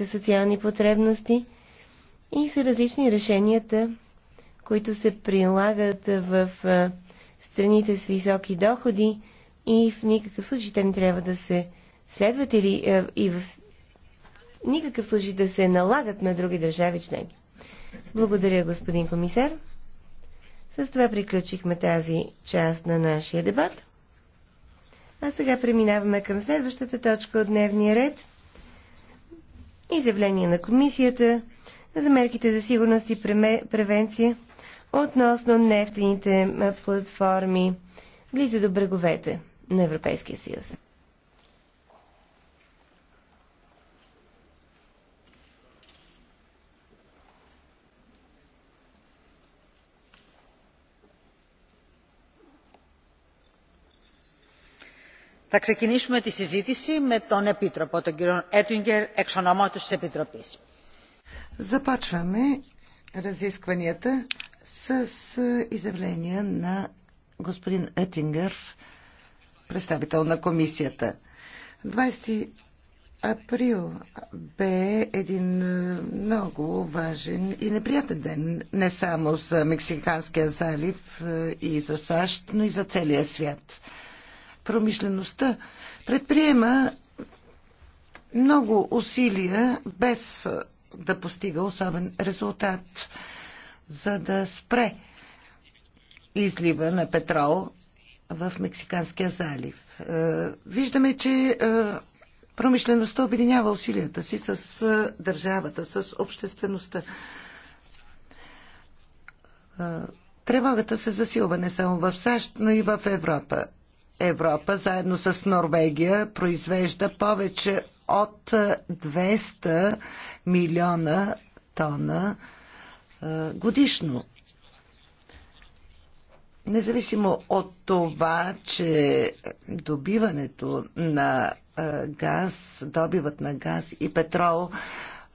за социални потребности и са различни решенията, които се прилагат в страните с високи доходи и в никакъв случай те не трябва да се следват или и в никакъв случай да се налагат на други държави членки. Благодаря, господин комисар. С това приключихме тази част на нашия дебат. А сега преминаваме към следващата точка от дневния ред – изявление на комисията за мерките за сигурност и превенция относно нефтените платформи близо до бреговете на Европейския съюз. Θα ξεκινήσουμε τη συζήτηση με τον Επίτροπο, τον κύριο Έτουιγκερ, εξ ονόματος της Επιτροπής. Започваме разискванията с е, изявление на господин Етингер, представител на комисията. 20 април бе един е, много важен и неприятен ден не само за Мексиканския залив е, и за САЩ, но и за целия свят промишлеността предприема много усилия без да постига особен резултат, за да спре излива на петрол в Мексиканския залив. Е, виждаме, че е, промишлеността обединява усилията си с е, държавата, с обществеността. Тревогата се засилва не само в САЩ, но и в Европа. Европа, заедно с Норвегия, произвежда повече от 200 милиона тона годишно. Независимо от това, че добиването на газ, добивът на газ и петрол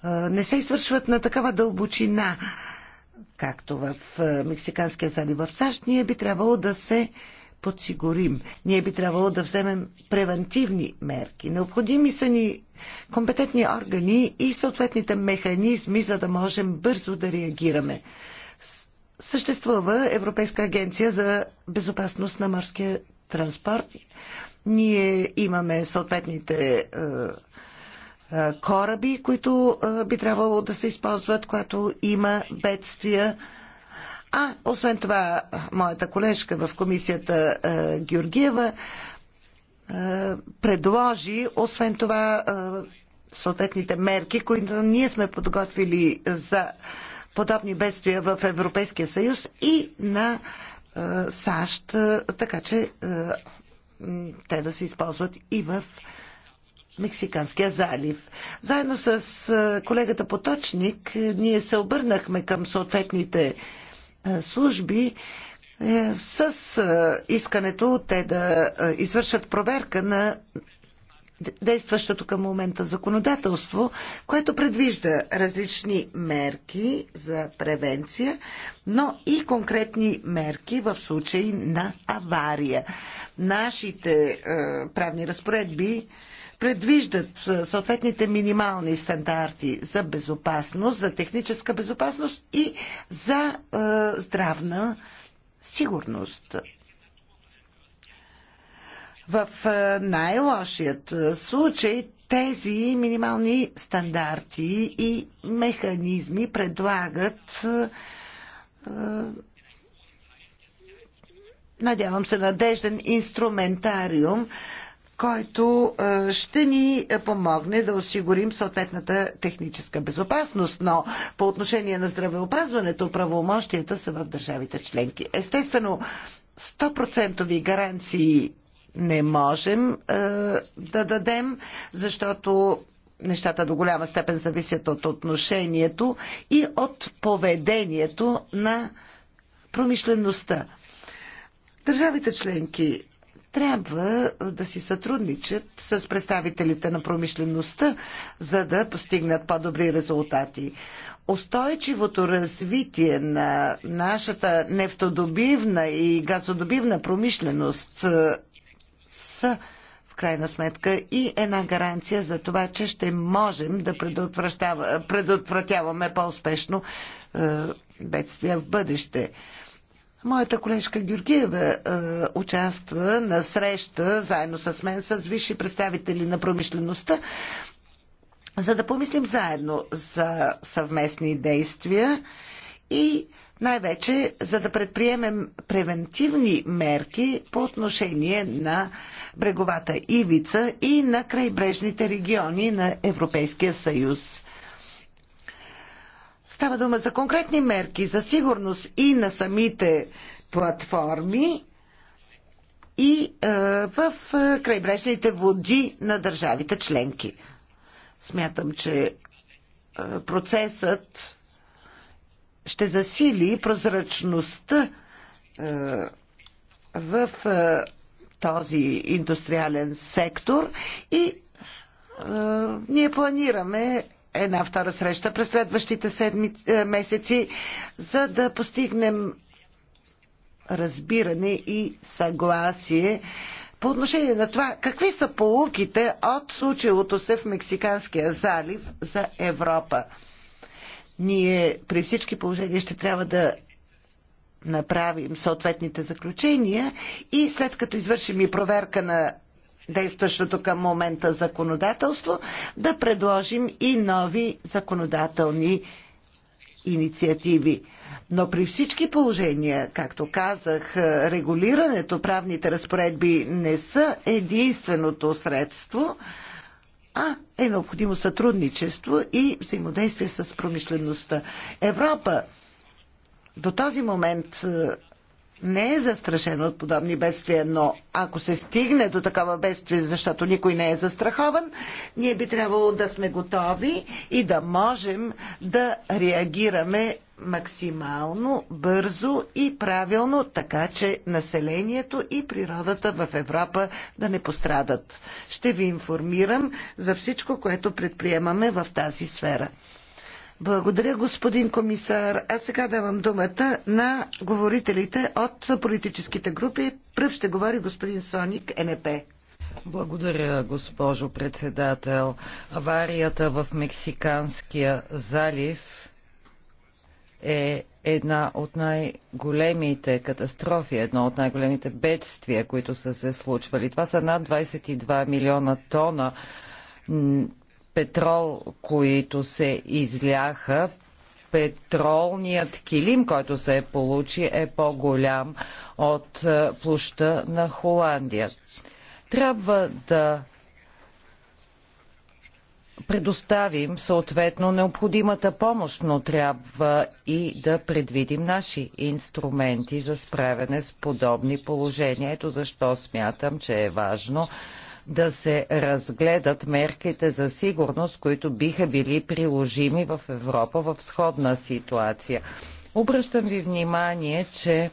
не се извършват на такава дълбочина, както в Мексиканския залив в САЩ, ние би трябвало да се подсигурим. Ние би трябвало да вземем превентивни мерки. Необходими са ни компетентни органи и съответните механизми, за да можем бързо да реагираме. Съществува Европейска агенция за безопасност на морския транспорт. Ние имаме съответните е, е, кораби, които е, би трябвало да се използват, когато има бедствия. А, освен това, моята колежка в комисията е, Георгиева е, предложи, освен това, е, съответните мерки, които ние сме подготвили за подобни бедствия в Европейския съюз и на САЩ, така че те да се използват и в Мексиканския залив. Заедно с колегата Поточник ние се обърнахме към съответните е, служби е, с е, искането те да извършат проверка на действащото към момента законодателство, което предвижда различни мерки за превенция, но и конкретни мерки в случай на авария. Нашите правни разпоредби предвиждат е, съответните минимални стандарти за безопасност, за техническа безопасност и за е, здравна сигурност. В е, най-лошият е, случай тези минимални стандарти и механизми предлагат е, е надявам се, надежден инструментариум който е, ще ни помогне да осигурим съответната техническа безопасност, но по отношение на здравеопазването правомощията са в държавите членки. Естествено, 100% гаранции не можем е, да дадем, защото нещата до голяма степен зависят от отношението и от поведението на промишлеността. Държавите членки трябва да си сътрудничат с представителите на промишлеността, за да постигнат по-добри резултати. Устойчивото развитие на нашата нефтодобивна и газодобивна промишленост са в крайна сметка и една гаранция за това, че ще можем да предотвратяваме по-успешно бедствия в бъдеще. Моята колежка Георгиева е, участва на среща заедно с мен с висши представители на промишлеността, за да помислим заедно за съвместни действия и най-вече за да предприемем превентивни мерки по отношение на бреговата ивица и на крайбрежните региони на Европейския съюз. Става дума за конкретни мерки за сигурност и на самите платформи и е, в е, крайбрежните води на държавите членки. Смятам, че е, процесът ще засили прозрачността е, в е, този индустриален сектор и е, ние планираме една втора среща през следващите седмици, е, месеци, за да постигнем разбиране и съгласие по отношение на това какви са полуките от случилото се в Мексиканския залив за Европа. Ние при всички положения ще трябва да направим съответните заключения и след като извършим и проверка на действащото към момента законодателство, да предложим и нови законодателни инициативи. Но при всички положения, както казах, регулирането, правните разпоредби не са единственото средство, а е необходимо сътрудничество и взаимодействие с промишлеността. Европа до този момент не е застрашено от подобни бедствия, но ако се стигне до такава бедствие, защото никой не е застрахован, ние би трябвало да сме готови и да можем да реагираме максимално бързо и правилно, така че населението и природата в Европа да не пострадат. Ще ви информирам за всичко, което предприемаме в тази сфера. Благодаря, господин комисар. А сега давам думата на говорителите от политическите групи. Пръв ще говори господин Соник, НП. Благодаря, госпожо председател. Аварията в Мексиканския залив е една от най-големите катастрофи, едно от най-големите бедствия, които са се случвали. Това са над 22 милиона тона петрол, които се изляха, петролният килим, който се получи, е по-голям от е, площа на Холандия. Трябва да предоставим съответно необходимата помощ, но трябва и да предвидим наши инструменти за справяне с подобни положения. Ето защо смятам, че е важно да се разгледат мерките за сигурност, които биха били приложими в Европа в сходна ситуация. Обръщам ви внимание, че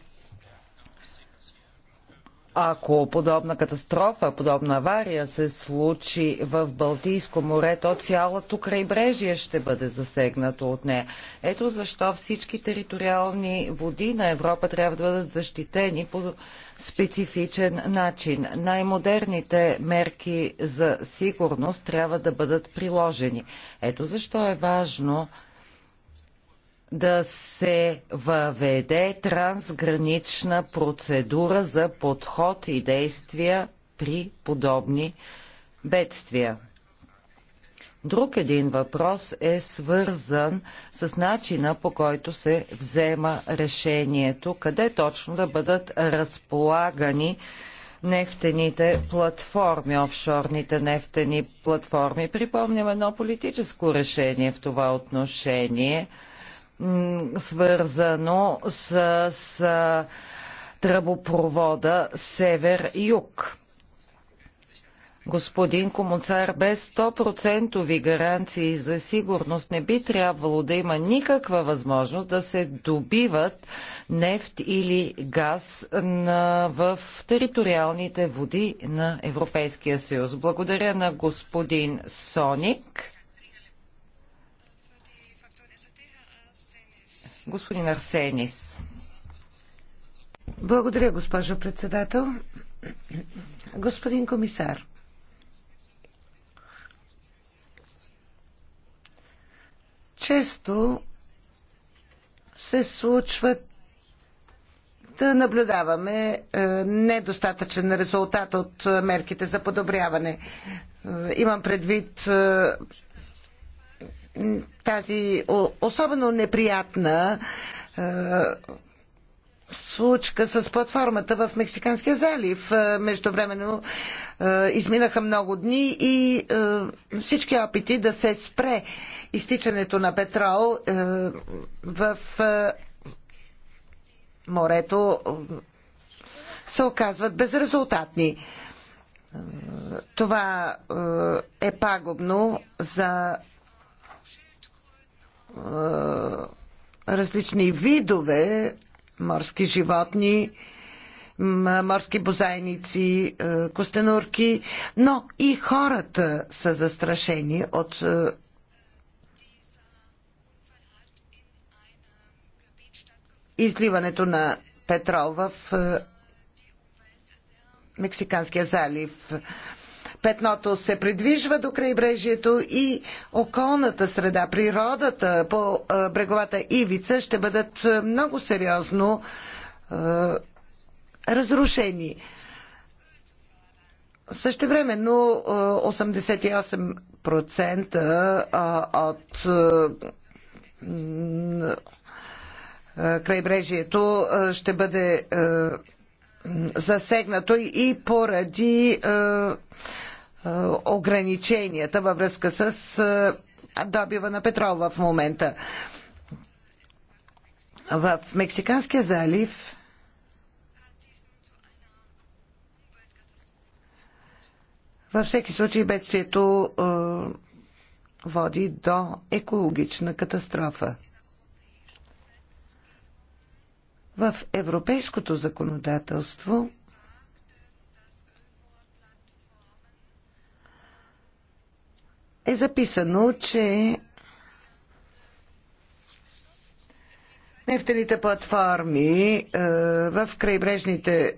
ако подобна катастрофа, подобна авария се случи в Балтийско море, то цялото крайбрежие ще бъде засегнато от нея. Ето защо всички териториални води на Европа трябва да бъдат защитени по специфичен начин. Най-модерните мерки за сигурност трябва да бъдат приложени. Ето защо е важно да се въведе трансгранична процедура за подход и действия при подобни бедствия. Друг един въпрос е свързан с начина по който се взема решението, къде точно да бъдат разполагани нефтените платформи, офшорните нефтени платформи. Припомням едно политическо решение в това отношение – свързано с, с тръбопровода Север-Юг. Господин Комуцар, без 100% гаранции за сигурност не би трябвало да има никаква възможност да се добиват нефт или газ на, в териториалните води на Европейския съюз. Благодаря на господин Соник. Господин Арсенис. Благодаря, госпожо председател. Господин комисар, често се случва да наблюдаваме е, недостатъчен резултат от е, мерките за подобряване. Е, имам предвид тази особено неприятна е, случка с платформата в Мексиканския залив. Е, междувременно е, изминаха много дни и всички опити да се спре изтичането на петрол в морето се оказват безрезултатни. Това е пагубно за е, различни видове морски животни, морски бозайници, е, костенурки, но и хората са застрашени от е, изливането на петрол в Мексиканския залив. Петното се придвижва до крайбрежието и околната среда, природата по бреговата ивица ще бъдат много сериозно е, разрушени. но 88% от крайбрежието ще бъде засегнато и поради ограниченията във връзка с добива на петрол в момента. В Мексиканския залив във всеки случай бедствието води до екологична катастрофа. В европейското законодателство – е записано, че нефтените платформи е, в крайбрежните е,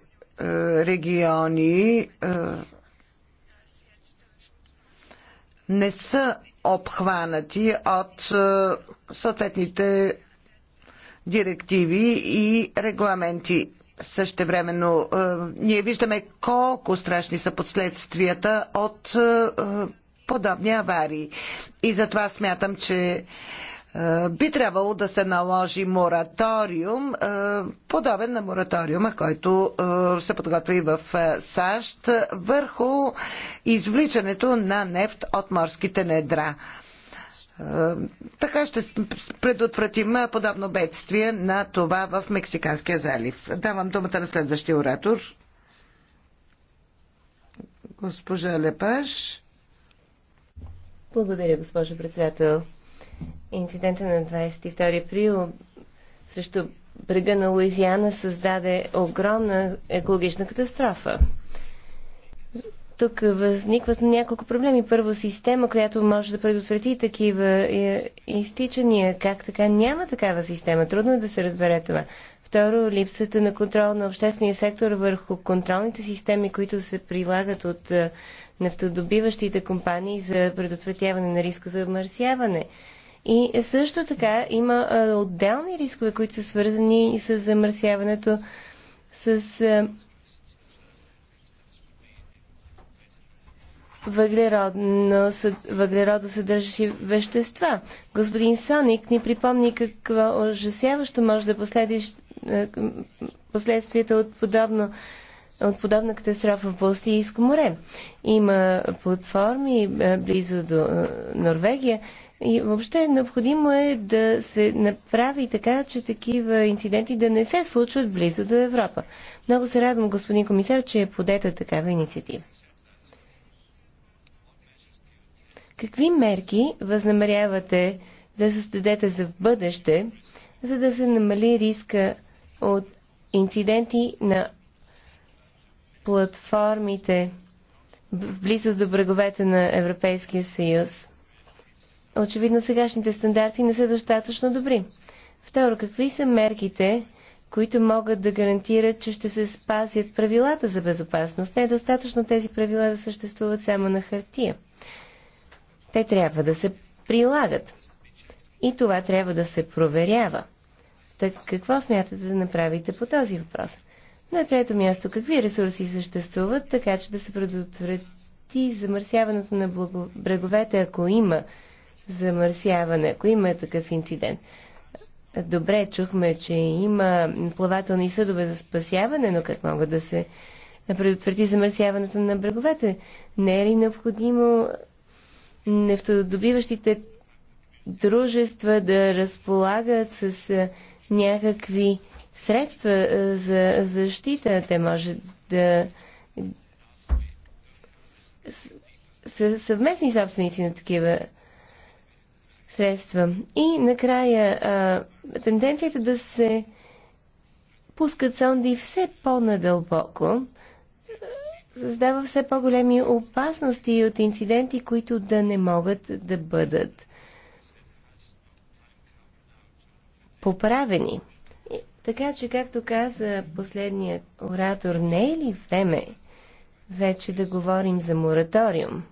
региони е, не са обхванати от съответните директиви и регламенти. Същевременно ние виждаме колко страшни са последствията от подобни аварии. И затова смятам, че е, би трябвало да се наложи мораториум, е, подобен на мораториума, който е, се подготвя и в САЩ, върху извличането на нефт от морските недра. Така ще предотвратим подобно бедствие на това в Мексиканския залив. Давам думата на следващия оратор. Госпожа Лепаш. Благодаря, госпожо председател. Инцидента на 22 април срещу брега на Луизиана създаде огромна екологична катастрофа. Тук възникват няколко проблеми. Първо, система, която може да предотврати такива е, изтичания. Как така? Няма такава система. Трудно е да се разбере това. Второ, липсата на контрол на обществения сектор върху контролните системи, които се прилагат от е, нефтодобиващите компании за предотвратяване на риска за замърсяване. И също така има е, отделни рискове, които са свързани и с замърсяването с е, въглеродно, съдържащи вещества. Господин Соник ни припомни какво ужасяващо може да последи последствията от подобно от подобна катастрофа в Балтийско море. Има платформи е, близо до е, Норвегия и въобще необходимо е да се направи така, че такива инциденти да не се случват близо до Европа. Много се радвам, господин комисар, че е подета такава инициатива. Какви мерки възнамерявате да създадете за в бъдеще, за да се намали риска от инциденти на платформите в близост до бреговете на Европейския съюз. Очевидно сегашните стандарти не са достатъчно добри. Второ, какви са мерките, които могат да гарантират, че ще се спазят правилата за безопасност? Не е достатъчно тези правила да съществуват само на хартия. Те трябва да се прилагат. И това трябва да се проверява. Так какво смятате да направите по този въпрос? На трето място, какви ресурси съществуват, така че да се предотврати замърсяването на бреговете, ако има замърсяване, ако има такъв инцидент? Добре, чухме, че има плавателни съдове за спасяване, но как могат да се предотврати замърсяването на бреговете? Не е ли необходимо нефтодобиващите дружества да разполагат с някакви средства е, за защита. Те може да са съвместни собственици на такива средства. И накрая тенденцията да се пускат сонди все по-надълбоко е, създава все по-големи опасности от инциденти, които да не могат да бъдат поправени. Така че, както каза последният оратор, не е ли време вече да говорим за мораториум?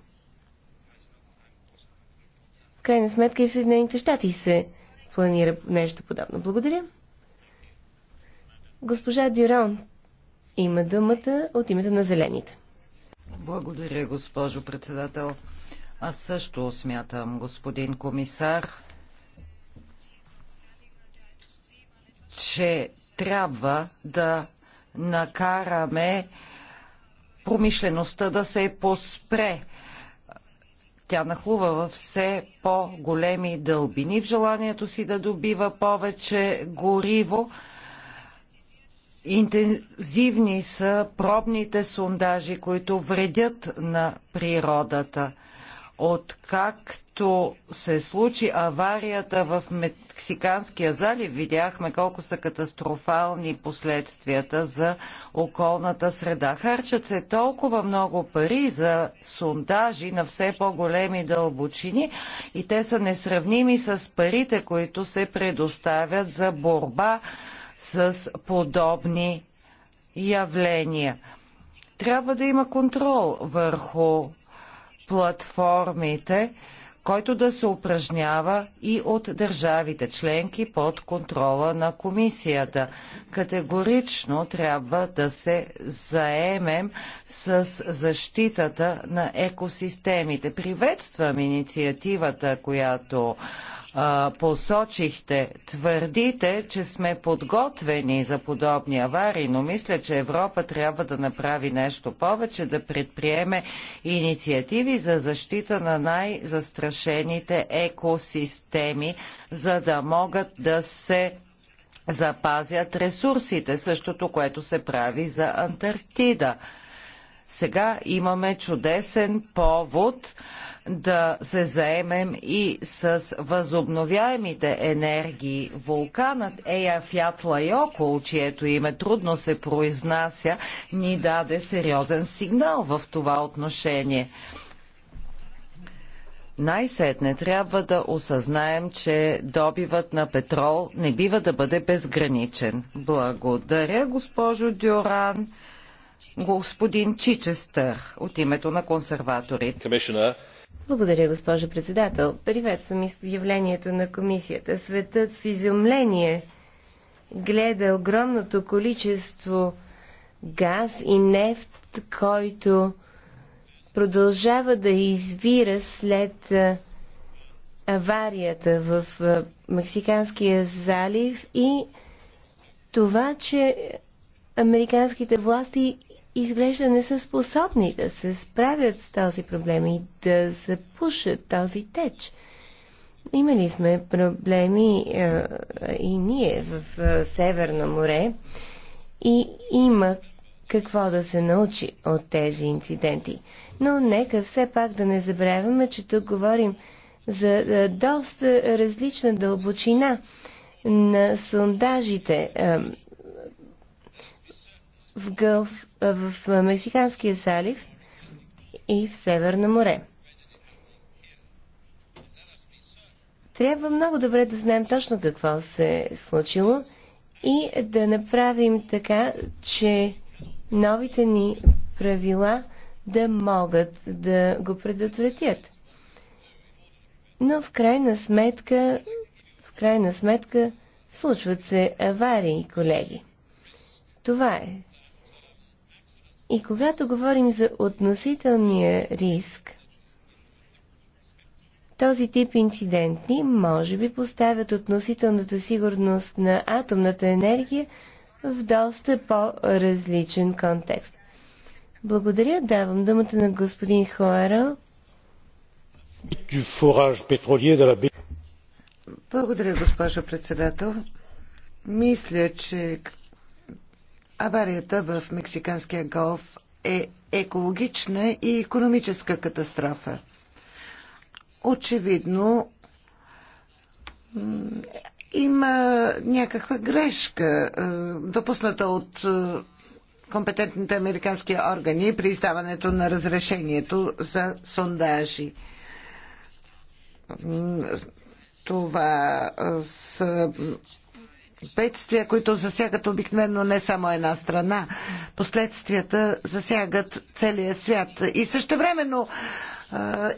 В крайна сметка и в Съединените щати се планира нещо подобно. Благодаря. Госпожа Дюрон има думата от името на Зелените. Благодаря, госпожо председател. Аз също смятам, господин комисар, че трябва да накараме промишлеността да се поспре. Тя нахлува във все по-големи дълбини в желанието си да добива повече гориво. Интензивни са пробните сондажи, които вредят на природата. Откакто се случи аварията в Мексиканския залив, видяхме колко са катастрофални последствията за околната среда. Харчат се толкова много пари за сондажи на все по-големи дълбочини и те са несравними с парите, които се предоставят за борба с подобни явления. Трябва да има контрол върху платформите, който да се упражнява и от държавите членки под контрола на комисията. Категорично трябва да се заемем с защитата на екосистемите. Приветствам инициативата, която посочихте. Твърдите, че сме подготвени за подобни аварии, но мисля, че Европа трябва да направи нещо повече, да предприеме инициативи за защита на най-застрашените екосистеми, за да могат да се запазят ресурсите, същото, което се прави за Антарктида. Сега имаме чудесен повод да се заемем и с възобновяемите енергии. Вулканът Еяфят Лайокол, чието име трудно се произнася, ни даде сериозен сигнал в това отношение. Най-сетне трябва да осъзнаем, че добивът на петрол не бива да бъде безграничен. Благодаря, госпожо Дюран. Господин Чичестър от името на консерваторите. Благодаря, госпожо председател. Приветствам изявлението на комисията. Светът с изумление гледа огромното количество газ и нефт, който продължава да извира след аварията в Мексиканския залив и това, че американските власти изглежда не са способни да се справят с този проблем и да запушат този теч. Имали сме проблеми а, и ние в а, Северно море и има какво да се научи от тези инциденти. Но нека все пак да не забравяме, че тук говорим за а, доста различна дълбочина на сондажите. А, в, Гълф, в Мексиканския залив и в Северно море. Трябва много добре да знаем точно какво се е случило и да направим така, че новите ни правила да могат да го предотвратят. Но в крайна сметка, в крайна сметка, случват се аварии, колеги. Това е. И когато говорим за относителния риск, този тип инциденти може би поставят относителната сигурност на атомната енергия в доста по-различен контекст. Благодаря. Давам думата на господин Хоера. Благодаря, госпожо председател. Мисля, че Аварията в Мексиканския голф е екологична и економическа катастрофа. Очевидно има някаква грешка, е, допусната от е, компетентните американски органи при издаването на разрешението за сондажи. Това е, са бедствия, които засягат обикновено не само една страна. Последствията засягат целия свят. И същевременно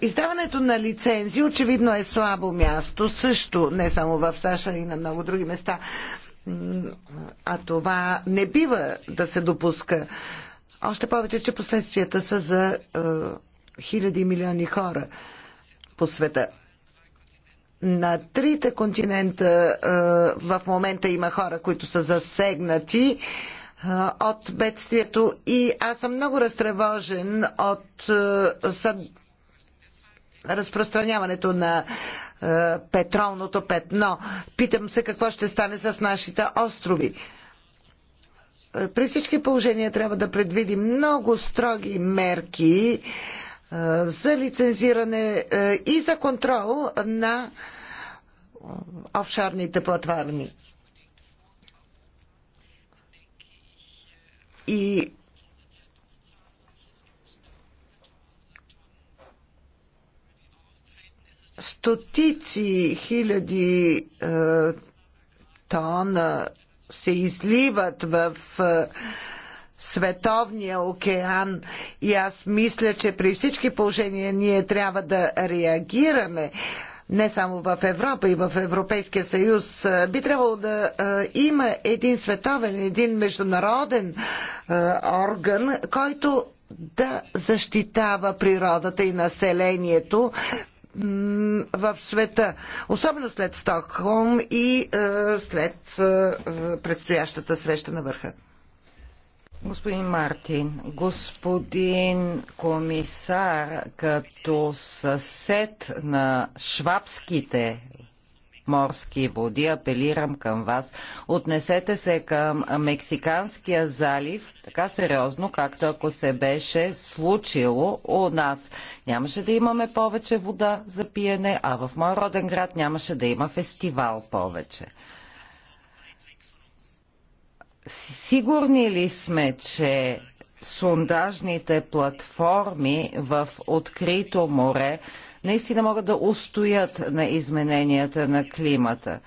издаването на лицензи очевидно е слабо място също, не само в САЩ, а и на много други места. А това не бива да се допуска. Още повече, че последствията са за хиляди и милиони хора по света на трите континента в момента има хора, които са засегнати от бедствието и аз съм много разтревожен от разпространяването на петролното петно. Питам се какво ще стане с нашите острови. При всички положения трябва да предвидим много строги мерки, за лицензиране и за контрол на офшорните платформи. И стотици хиляди е, тона се изливат в е, световния океан и аз мисля, че при всички положения ние трябва да реагираме не само в Европа и в Европейския съюз. Би трябвало да има един световен, един международен орган, който да защитава природата и населението в света, особено след Стокхолм и след предстоящата среща на върха. Господин Мартин, господин комисар, като съсед на швабските морски води, апелирам към вас. Отнесете се към Мексиканския залив така сериозно, както ако се беше случило у нас. Нямаше да имаме повече вода за пиене, а в моя роден град нямаше да има фестивал повече. Сигурни ли сме, че сондажните платформи в открито море наистина могат да устоят на измененията на климата?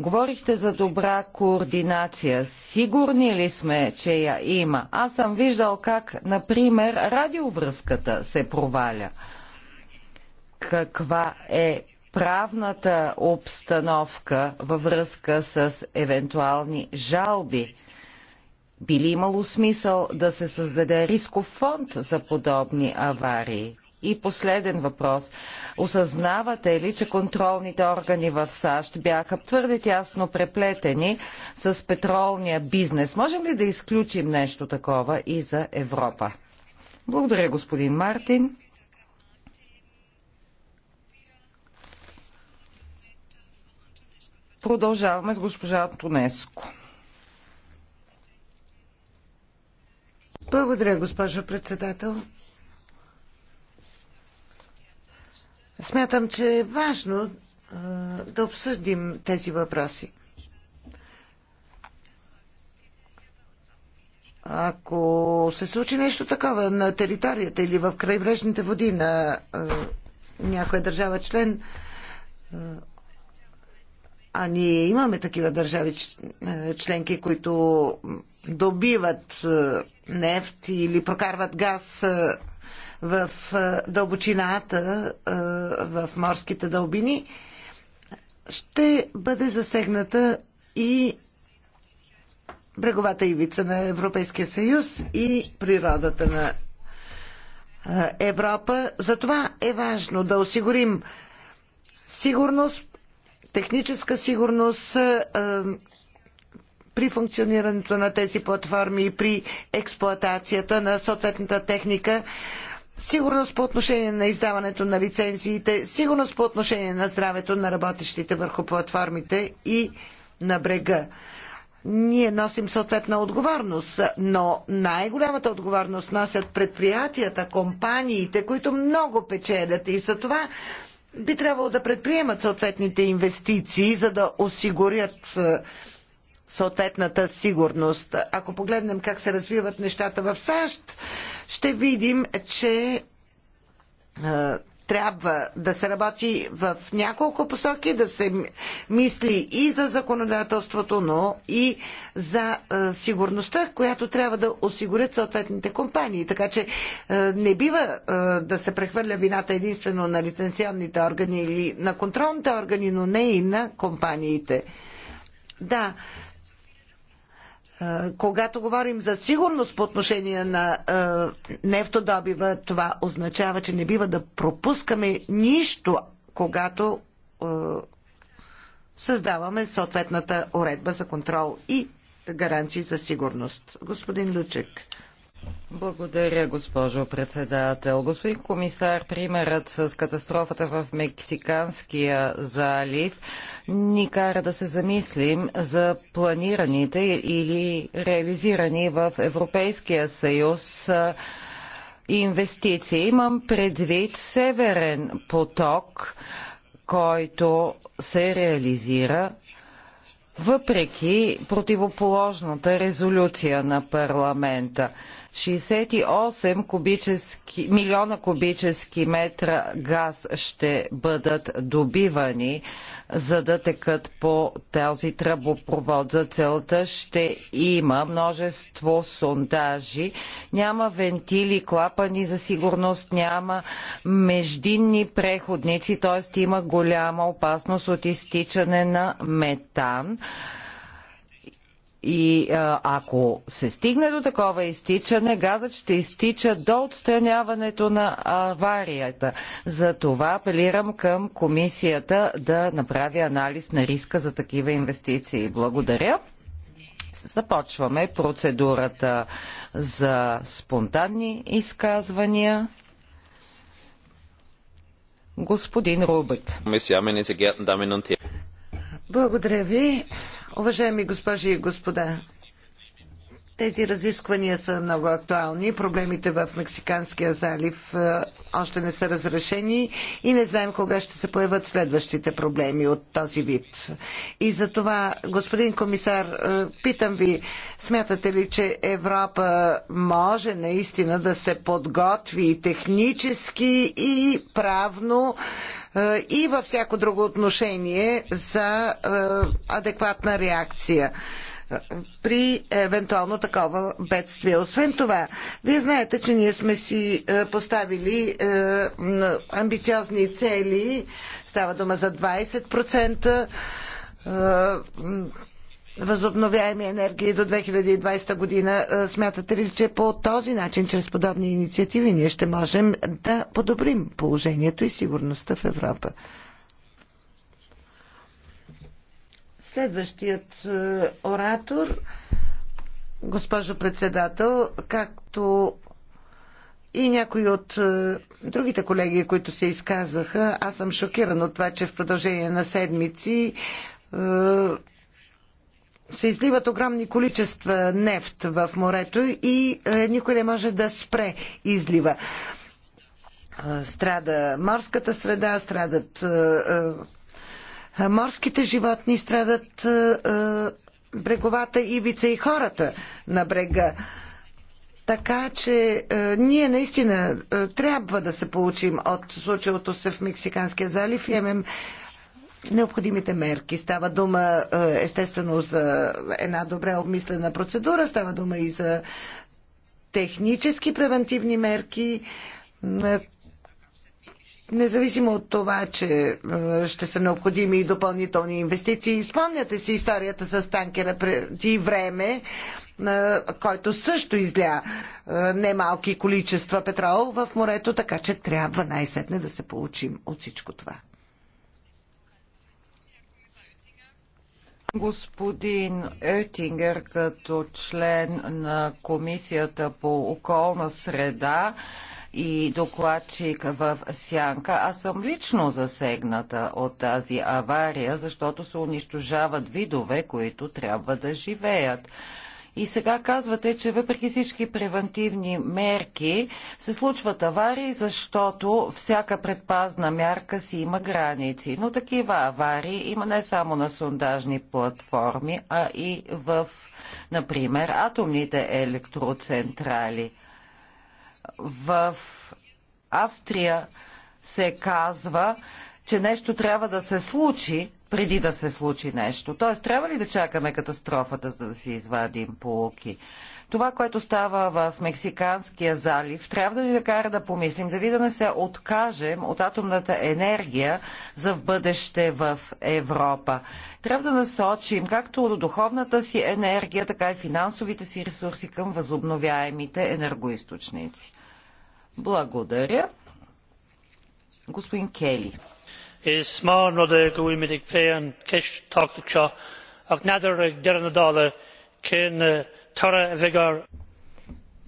Говорихте за добра координация. Сигурни ли сме, че я има? Аз съм виждал как, например, радиовръзката се проваля. Каква е правната обстановка във връзка с евентуални жалби? Би ли имало смисъл да се създаде рисков фонд за подобни аварии? И последен въпрос. Осъзнавате ли, че контролните органи в САЩ бяха твърде тясно преплетени с петролния бизнес? Можем ли да изключим нещо такова и за Европа? Благодаря, господин Мартин. Продължаваме с госпожа Тунеско. Благодаря, госпожо председател. Смятам, че е важно да обсъдим тези въпроси. Ако се случи нещо такова на територията или в крайбрежните води на някоя държава член, а ние имаме такива държави членки, които добиват е, нефт или прокарват газ е, в е, дълбочината, в морските дълбини, ще бъде засегната и бреговата ивица на Европейския съюз и природата на Европа. Затова е важно да осигурим сигурност, техническа сигурност, при функционирането на тези платформи и при експлоатацията на съответната техника сигурност по отношение на издаването на лицензиите, сигурност по отношение на здравето на работещите върху платформите и на брега. Ние носим съответна отговорност, но най-голямата отговорност носят предприятията, компаниите, които много печелят и за това би трябвало да предприемат съответните инвестиции, за да осигурят съответната сигурност. Ако погледнем как се развиват нещата в САЩ, ще видим, че трябва да се работи в няколко посоки, да се мисли и за законодателството, но и за е, сигурността, която трябва да осигурят съответните компании. Така че е, не бива е, да се прехвърля вината единствено на лицензионните органи или на контролните органи, но не и на компаниите. Да, когато говорим за сигурност по отношение на нефтодобива, това означава, че не бива да пропускаме нищо, когато създаваме съответната уредба за контрол и гаранции за сигурност. Господин Лючек. Благодаря, госпожо председател. Господин комисар, примерът с катастрофата в Мексиканския залив ни кара да се замислим за планираните или реализирани в Европейския съюз инвестиции. Имам предвид Северен поток, който се реализира въпреки противоположната резолюция на парламента. 68 кубически, милиона кубически метра газ ще бъдат добивани, за да текат по този тръбопровод. За целта ще има множество сондажи, няма вентили, клапани за сигурност, няма междинни преходници, т.е. има голяма опасност от изтичане на метан и а, ако се стигне до такова изтичане, газът ще изтича до отстраняването на аварията. За това апелирам към комисията да направи анализ на риска за такива инвестиции. Благодаря. Започваме процедурата за спонтанни изказвания. Господин Рубик. Благодаря ви, уважаеми госпожи и господа. Тези разисквания са много актуални. Проблемите в Мексиканския залив е, още не са разрешени и не знаем кога ще се появят следващите проблеми от този вид. И за това, господин комисар, е, питам ви, смятате ли, че Европа може наистина да се подготви и технически, и правно, е, и във всяко друго отношение за адекватна реакция? при евентуално такова бедствие. Освен това, вие знаете, че ние сме си е, поставили е, амбициозни цели. Става дума за 20% е, възобновяеми енергии до 2020 година. Смятате ли, че по този начин, чрез подобни инициативи, ние ще можем да подобрим положението и сигурността в Европа? Следващият е, оратор, госпожо председател, както и някои от е, другите колеги, които се изказаха, аз съм шокиран от това, че в продължение на седмици е, се изливат огромни количества нефт в морето и никой не може да спре излива. Страда морската среда, страдат е, морските животни страдат, е, е, бреговата ивица и хората на брега. Така че е, ние наистина е, трябва да се получим от случилото се в Мексиканския залив и имаме необходимите мерки. Става дума е, естествено за една добре обмислена процедура, става дума и за технически превентивни мерки, Независимо от това, че е, ще са необходими и допълнителни инвестиции, спомняте си историята с танкера преди време, е, който също изля е, немалки количества петрол в морето, така че трябва най-сетне да се получим от всичко това. Господин Оетингер, като член на Комисията по околна среда, и докладчик в Сянка. Аз съм лично засегната от тази авария, защото се унищожават видове, които трябва да живеят. И сега казвате, че въпреки всички превентивни мерки се случват аварии, защото всяка предпазна мярка си има граници. Но такива аварии има не само на сондажни платформи, а и в, например, атомните електроцентрали в Австрия се казва, че нещо трябва да се случи, преди да се случи нещо. Тоест, трябва ли да чакаме катастрофата, за да си извадим полуки? Това, което става в Мексиканския залив, трябва да ни да кара да помислим, дали да не се откажем от атомната енергия за в бъдеще в Европа. Трябва да насочим както духовната си енергия, така и финансовите си ресурси към възобновяемите енергоисточници. Благодаря. Господин Кели.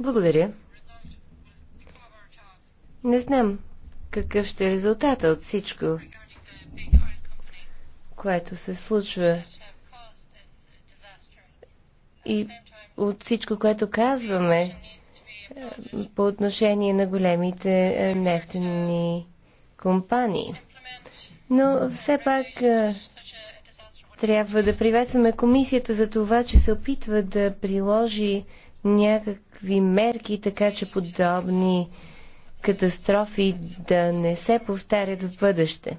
Благодаря. Не знам какъв ще е резултата от всичко, което се случва и от всичко, което казваме по отношение на големите е, нефтени компании. Но все пак е, трябва да приветстваме комисията за това, че се опитва да приложи някакви мерки, така че подобни катастрофи да не се повтарят в бъдеще.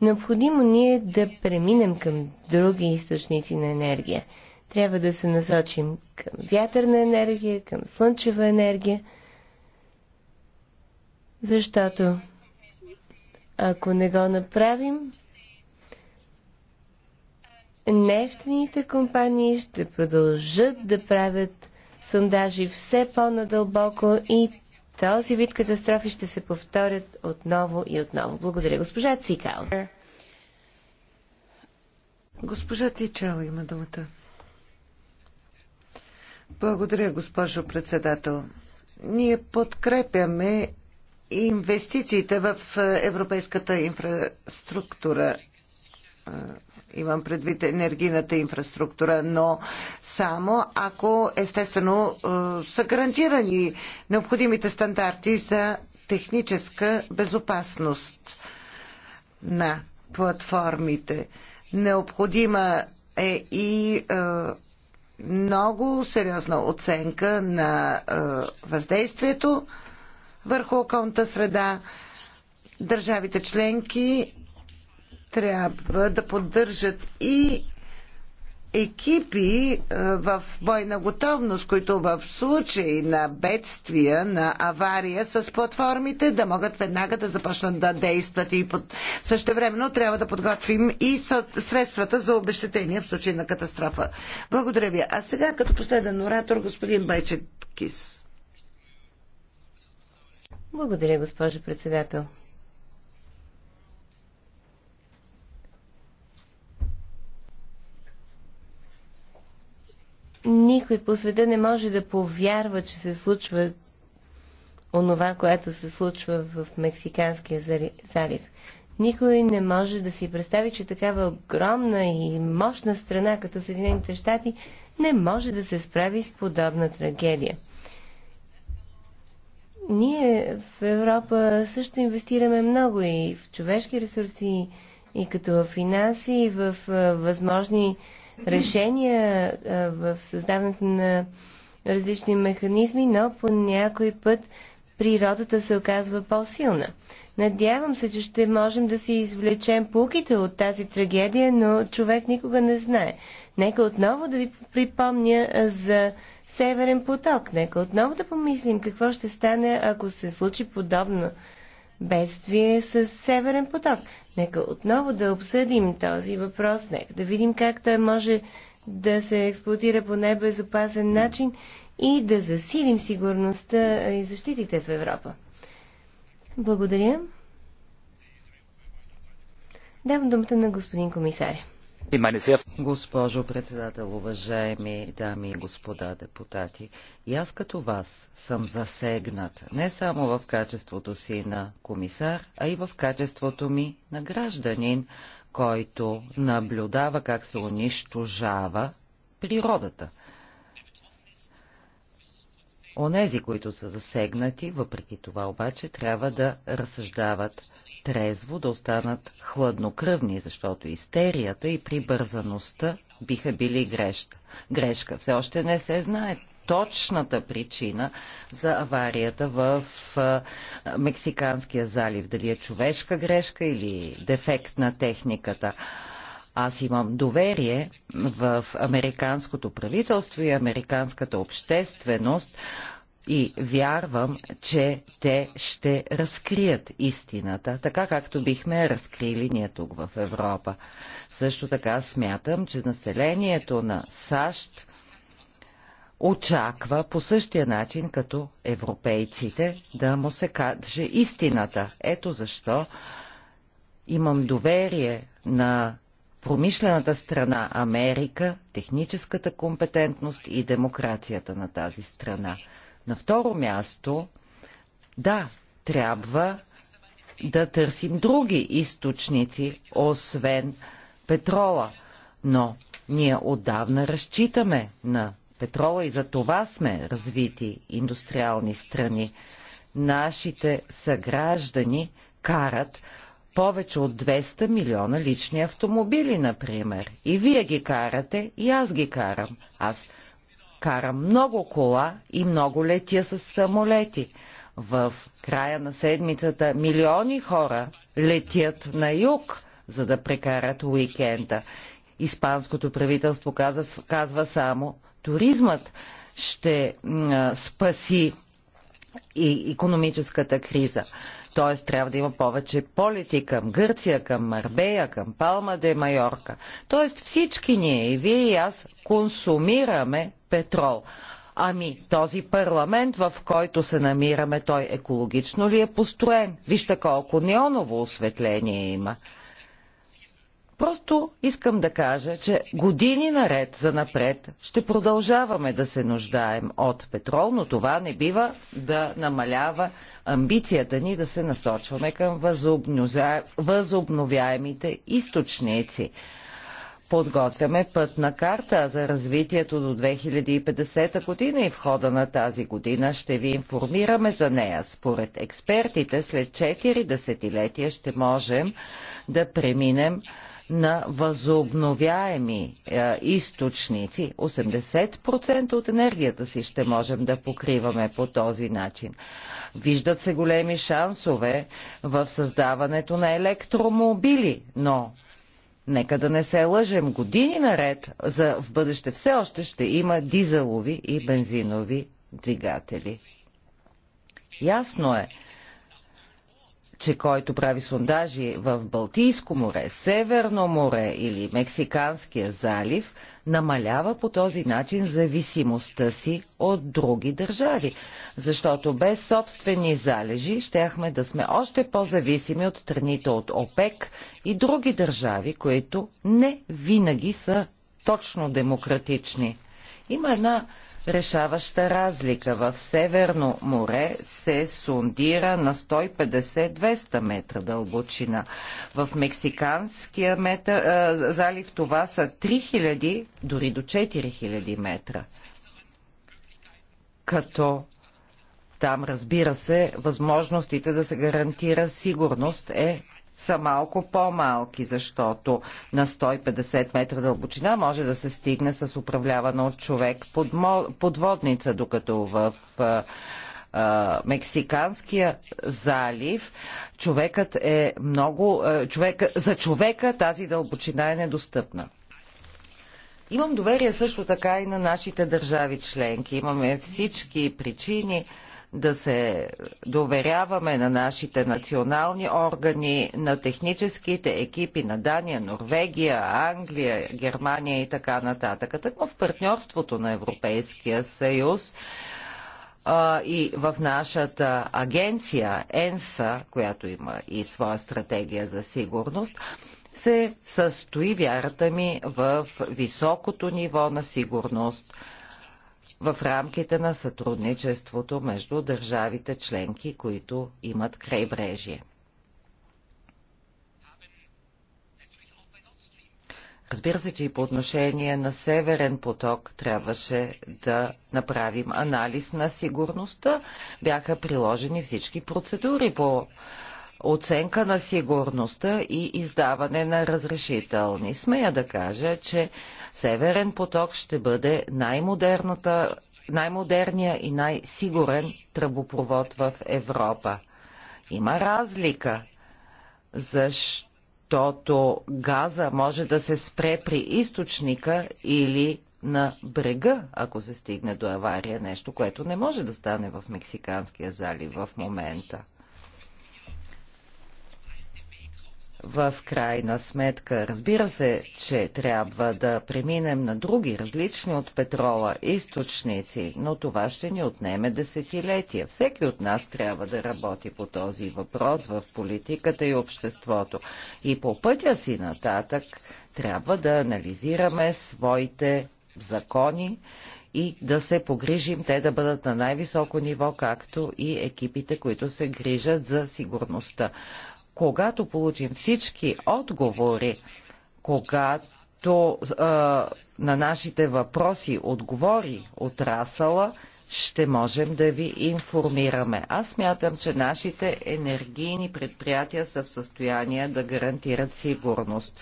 Необходимо ни е да преминем към други източници на енергия. Трябва да се насочим към вятърна енергия, към слънчева енергия, защото ако не го направим, нефтените компании ще продължат да правят сондажи все по-надълбоко и този вид катастрофи ще се повторят отново и отново. Благодаря. Госпожа Цикал. Госпожа Тичал има думата. Благодаря, госпожо председател. Ние подкрепяме инвестициите в е, европейската инфраструктура. Е, имам предвид енергийната инфраструктура, но само ако естествено е, са гарантирани необходимите стандарти за техническа безопасност на платформите. Необходима е и много сериозна оценка на е, въздействието върху околната среда. Държавите членки трябва да поддържат и екипи в бойна готовност, които в случай на бедствия, на авария с платформите, да могат веднага да започнат да действат и под... времено трябва да подготвим и средствата за обещетение в случай на катастрофа. Благодаря ви. А сега като последен оратор господин Байчет Кис. Благодаря, госпожо председател. Никой по света не може да повярва, че се случва онова, което се случва в Мексиканския залив. Никой не може да си представи, че такава огромна и мощна страна като Съединените щати не може да се справи с подобна трагедия. Ние в Европа също инвестираме много и в човешки ресурси, и като финанси, и в възможни решения в създаването на различни механизми, но по някой път природата се оказва по-силна. Надявам се, че ще можем да си извлечем пуките от тази трагедия, но човек никога не знае. Нека отново да ви припомня за Северен поток. Нека отново да помислим какво ще стане, ако се случи подобно бедствие с Северен поток. Нека отново да обсъдим този въпрос, нека да видим как той може да се експлуатира по най-безопасен начин и да засилим сигурността и защитите в Европа. Благодаря. Давам думата на господин комисаря. Госпожо председател, уважаеми дами и господа депутати, и аз като вас съм засегнат не само в качеството си на комисар, а и в качеството ми на гражданин, който наблюдава как се унищожава природата. Онези, които са засегнати, въпреки това обаче, трябва да разсъждават трезво, да останат хладнокръвни, защото истерията и прибързаността биха били грешка. грешка. Все още не се знае точната причина за аварията в Мексиканския залив. Дали е човешка грешка или дефект на техниката. Аз имам доверие в американското правителство и американската общественост, и вярвам, че те ще разкрият истината, така както бихме разкрили ние тук в Европа. Също така смятам, че населението на САЩ очаква по същия начин като европейците да му се каже истината. Ето защо имам доверие на промишлената страна Америка, техническата компетентност и демокрацията на тази страна. На второ място, да, трябва да търсим други източници, освен петрола. Но ние отдавна разчитаме на петрола и за това сме развити индустриални страни. Нашите съграждани карат повече от 200 милиона лични автомобили, например. И вие ги карате, и аз ги карам. Аз Кара много кола и много летя с самолети. В края на седмицата милиони хора летят на юг, за да прекарат уикенда. Испанското правителство каза, казва само туризмът ще спаси и економическата криза. Т.е. трябва да има повече полети към Гърция, към Марбея, към Палма де Майорка. Т.е. всички ние, и вие и аз, консумираме петрол. Ами, този парламент, в който се намираме, той екологично ли е построен? Вижте колко неоново осветление има. Просто искам да кажа, че години наред за напред ще продължаваме да се нуждаем от петрол, но това не бива да намалява амбицията ни да се насочваме към възобновяемите източници подготвяме пътна карта за развитието до 2050 година и в хода на тази година ще ви информираме за нея. Според експертите, след 4 десетилетия ще можем да преминем на възобновяеми е, източници. 80% от енергията си ще можем да покриваме по този начин. Виждат се големи шансове в създаването на електромобили, но Нека да не се лъжем. Години наред за в бъдеще все още ще има дизелови и бензинови двигатели. Ясно е, че който прави сондажи в Балтийско море, Северно море или Мексиканския залив – намалява по този начин зависимостта си от други държави. Защото без собствени залежи щяхме да сме още по-зависими от страните от ОПЕК и други държави, които не винаги са точно демократични. Има една решаваща разлика. В Северно море се сундира на 150-200 метра дълбочина. В Мексиканския метър, а, залив това са 3000, дори до 4000 метра. Като там, разбира се, възможностите да се гарантира сигурност е са малко по-малки, защото на 150 метра дълбочина може да се стигне с управлявана от човек подводница, докато в Мексиканския залив, човекът е много. Човека, за човека тази дълбочина е недостъпна. Имам доверие също така и на нашите държави членки. Имаме всички причини да се доверяваме на нашите национални органи, на техническите екипи на Дания, Норвегия, Англия, Германия и така нататък. Тъкмо в партньорството на Европейския съюз и в нашата агенция ЕНСА, която има и своя стратегия за сигурност, се състои вярата ми в високото ниво на сигурност – в рамките на сътрудничеството между държавите членки, които имат крайбрежие. Разбира се, че и по отношение на Северен поток трябваше да направим анализ на сигурността. Бяха приложени всички процедури по оценка на сигурността и издаване на разрешителни. Смея да кажа, че Северен поток ще бъде най-модерната най-модерния и най-сигурен тръбопровод в Европа. Има разлика, защото газа може да се спре при източника или на брега, ако се стигне до авария, нещо, което не може да стане в Мексиканския залив в момента. в крайна сметка. Разбира се, че трябва да преминем на други, различни от петрола, източници, но това ще ни отнеме десетилетия. Всеки от нас трябва да работи по този въпрос в политиката и обществото. И по пътя си нататък трябва да анализираме своите закони и да се погрижим те да бъдат на най-високо ниво, както и екипите, които се грижат за сигурността когато получим всички отговори, когато а, на нашите въпроси отговори отрасъла, ще можем да ви информираме. Аз смятам, че нашите енергийни предприятия са в състояние да гарантират сигурност.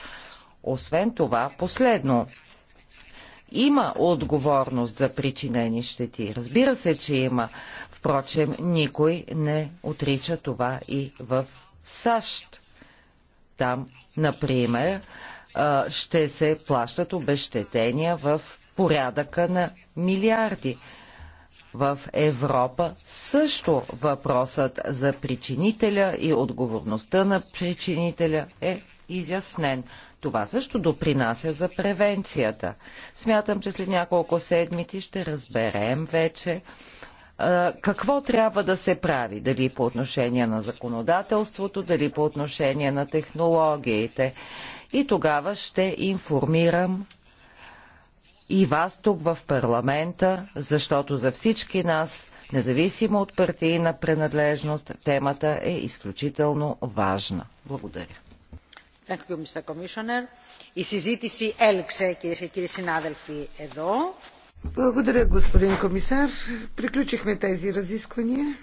Освен това, последно, има отговорност за причинени щети. Разбира се, че има. Впрочем, никой не отрича това и в САЩ. Там, например, ще се плащат обещетения в порядъка на милиарди. В Европа също въпросът за причинителя и отговорността на причинителя е изяснен. Това също допринася за превенцията. Смятам, че след няколко седмици ще разберем вече какво трябва да се прави, дали по отношение на законодателството, дали по отношение на технологиите. И тогава ще информирам и вас тук в парламента, защото за всички нас, независимо от партийна принадлежност, темата е изключително важна. Благодаря. Thank you, Mr. Commissioner. Η συζήτηση έλξε, κυρίες και κύριοι συνάδελφοι, εδώ. Благодаря, господин комисар. Приключихме тези разисквания.